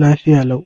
लासै आलौ